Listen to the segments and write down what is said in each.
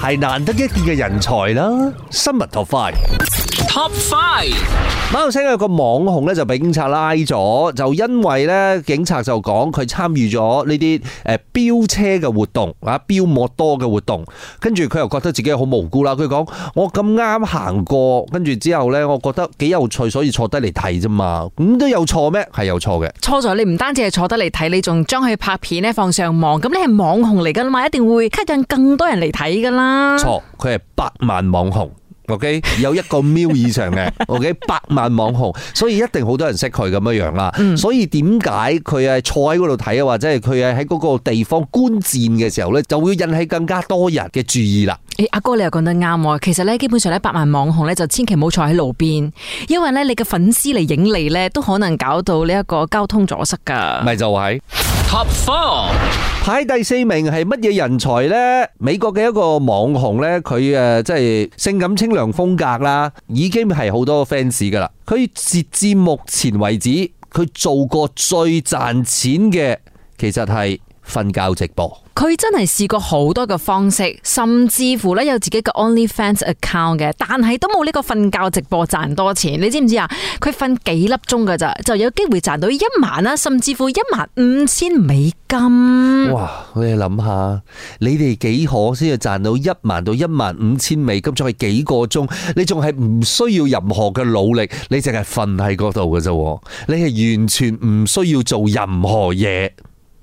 係難得一見嘅人才啦，新聞 TOP5。Top Five，馬頭先有個網紅咧就俾警察拉咗，就因為咧警察就講佢參與咗呢啲誒飆車嘅活動啊，飆摩多嘅活動，跟住佢又覺得自己好無辜啦。佢講，我咁啱行過，跟住之後咧，我覺得幾有趣，所以坐低嚟睇啫嘛。咁、嗯、都有錯咩？係有錯嘅。錯在你唔單止係坐低嚟睇，你仲將佢拍片咧放上網。咁你係網紅嚟噶嘛，一定會吸引更多人嚟睇噶啦。錯，佢係百萬網紅。OK，有一個 million 以上嘅，OK， 百萬網紅，所以一定好多人識佢咁樣樣啦。嗯、所以點解佢係坐喺嗰度睇啊，或者係佢係喺嗰個地方觀戰嘅時候呢，就會引起更加多人嘅注意啦。誒、哎，阿哥你又講得啱，其實呢，基本上咧百萬網紅呢，就千祈唔好坐喺路邊，因為呢，你嘅粉絲嚟影你呢，都可能搞到呢一個交通阻塞噶。咪就係、是。Top 排第四名係乜嘢人才呢？美國嘅一個網紅呢，佢誒即係性感清涼風格啦，已經係好多 fans 噶啦。佢截至目前為止，佢做過最賺錢嘅，其實係瞓覺直播。佢真係試過好多嘅方式，甚至乎咧有自己嘅 OnlyFans account 嘅，但係都冇呢個瞓覺直播賺多錢，你知唔知啊？佢瞓幾粒鐘噶咋，就有機會賺到一萬啦，甚至乎一萬五千美金。哇！你諗下，你哋幾可先要賺到一萬到一萬五千美金？仲係幾個鐘？你仲係唔需要任何嘅努力？你淨係瞓喺嗰度嘅啫，你係完全唔需要做任何嘢。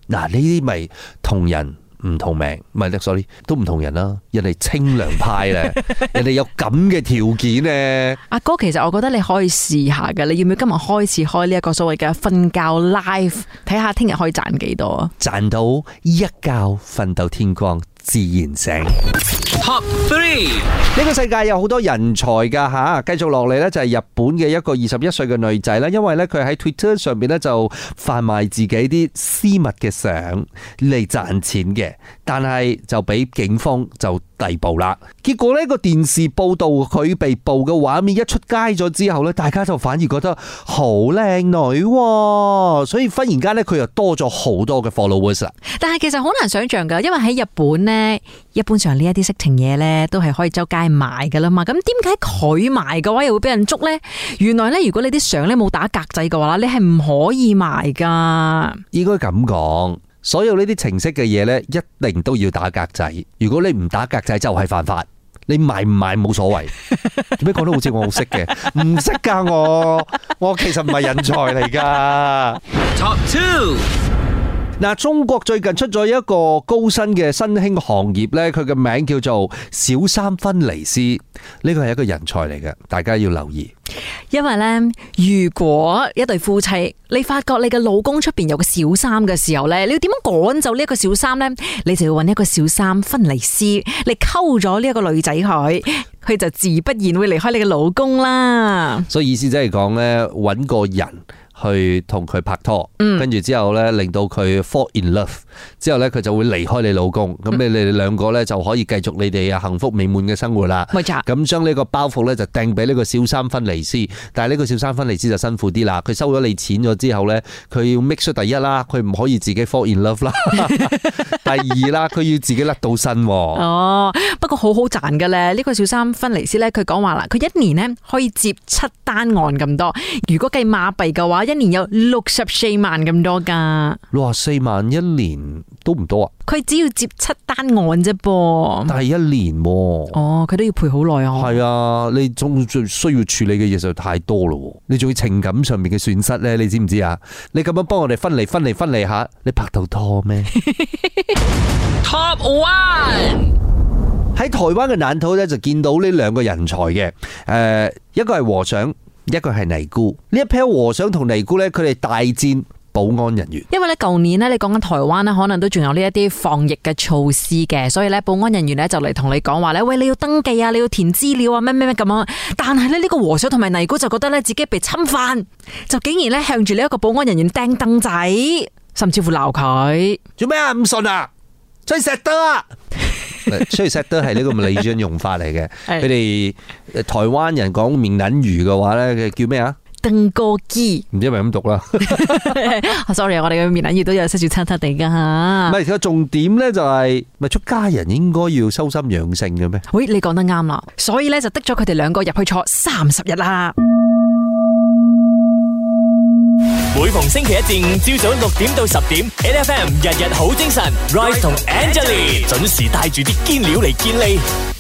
嗱，呢啲咪同人唔同命，唔係，sorry，都唔同人啦。人哋清涼派咧， 人哋有咁嘅條件咧。阿哥，哥，其實我覺得你可以試下嘅，你要唔要今日開始開呢一個所謂嘅瞓覺 live，睇下聽日可以賺幾多啊？賺到一覺，覺，瞓到天光。自然醒。Top three，呢個世界有好多人才噶吓，繼續落嚟呢就係日本嘅一個二十一歲嘅女仔咧，因為呢，佢喺 Twitter 上面呢就販賣自己啲私密嘅相嚟賺錢嘅，但係就俾警方就逮捕啦！結果呢個電視報道佢被捕嘅畫面一出街咗之後呢，大家就反而覺得好靚女喎，所以忽然間呢，佢又多咗好多嘅 followers 啦。但係其實好難想象噶，因為喺日本呢，一般上呢一啲色情嘢呢都係可以周街賣噶啦嘛。咁點解佢賣嘅話又會俾人捉呢？原來呢，如果你啲相呢冇打格仔嘅話，你係唔可以賣噶。應該咁講。所有呢啲程式嘅嘢呢，一定都要打格仔。如果你唔打格仔，就係犯法。你買唔買冇所謂，做咩講得好似我好識嘅？唔 識噶，我我其實唔係人才嚟噶。Top two 嗱，中國最近出咗一個高薪嘅新興行業呢，佢嘅名叫做小三分離師。呢個係一個人才嚟嘅，大家要留意。因為咧，如果一對夫妻你發覺你嘅老公出邊有個小三嘅時候咧，你要點樣趕走呢一個小三呢？你就要搵一個小三分離師，你溝咗呢一個女仔佢，佢就自不然會離開你嘅老公啦。所以意思即係講咧，搵個人。去同佢拍拖，跟住之後呢，令到佢 fall in love，之後呢，佢就會離開你老公，咁你你哋兩個呢，就可以繼續你哋啊幸福美滿嘅生活啦。咁將呢個包袱呢，就掟俾呢個小三分離師，但係呢個小三分離師就辛苦啲啦。佢收咗你錢咗之後呢，佢要 make 出第一啦，佢唔可以自己 fall in love 啦， 第二啦，佢要自己甩到身。 哦，不過好好賺嘅咧，呢個小三分離師呢，佢講話啦，佢一年呢，可以接七單案咁多，如果計馬幣嘅話。一年有六十四萬咁多噶，六十四萬一年都唔多啊！佢只要接七單案啫噃，但係一年、啊、哦，佢都要賠好耐啊！係啊，你仲最需要處理嘅嘢就太多啦，你仲要情感上面嘅損失咧？你知唔知啊？你咁樣幫我哋分離、分離、分離下，你拍到拖咩？Top One 喺台灣嘅南投咧，就見到呢兩個人才嘅，誒，一個係和尚。一個係尼姑，呢一批和尚同尼姑呢，佢哋大戰保安人員。因為呢舊年呢，你講緊台灣呢，可能都仲有呢一啲防疫嘅措施嘅，所以呢，保安人員呢，就嚟同你講話呢，喂，你要登記啊，你要填資料啊，咩咩咩咁樣。但係呢，呢個和尚同埋尼姑就覺得呢，自己被侵犯，就竟然呢，向住呢一個保安人員掟凳仔，甚至乎鬧佢做咩啊？唔信啊？再石得啊！雖然識都係呢個李商用法嚟嘅，佢哋台灣人講閩南語嘅話咧，佢叫咩啊？鄧哥基，唔知係咪咁讀啦？Sorry，我哋嘅閩南語都有識住差差地噶吓。唔係，其實重點咧就係，咪出家人應該要修心養性嘅咩？喂，你講得啱啦，所以咧就得咗佢哋兩個入去坐三十日啦。每逢星期一至五，朝早六點到十點，NFM 日日好精神 Rice 同 Angelie 準時帶住啲堅料嚟見你。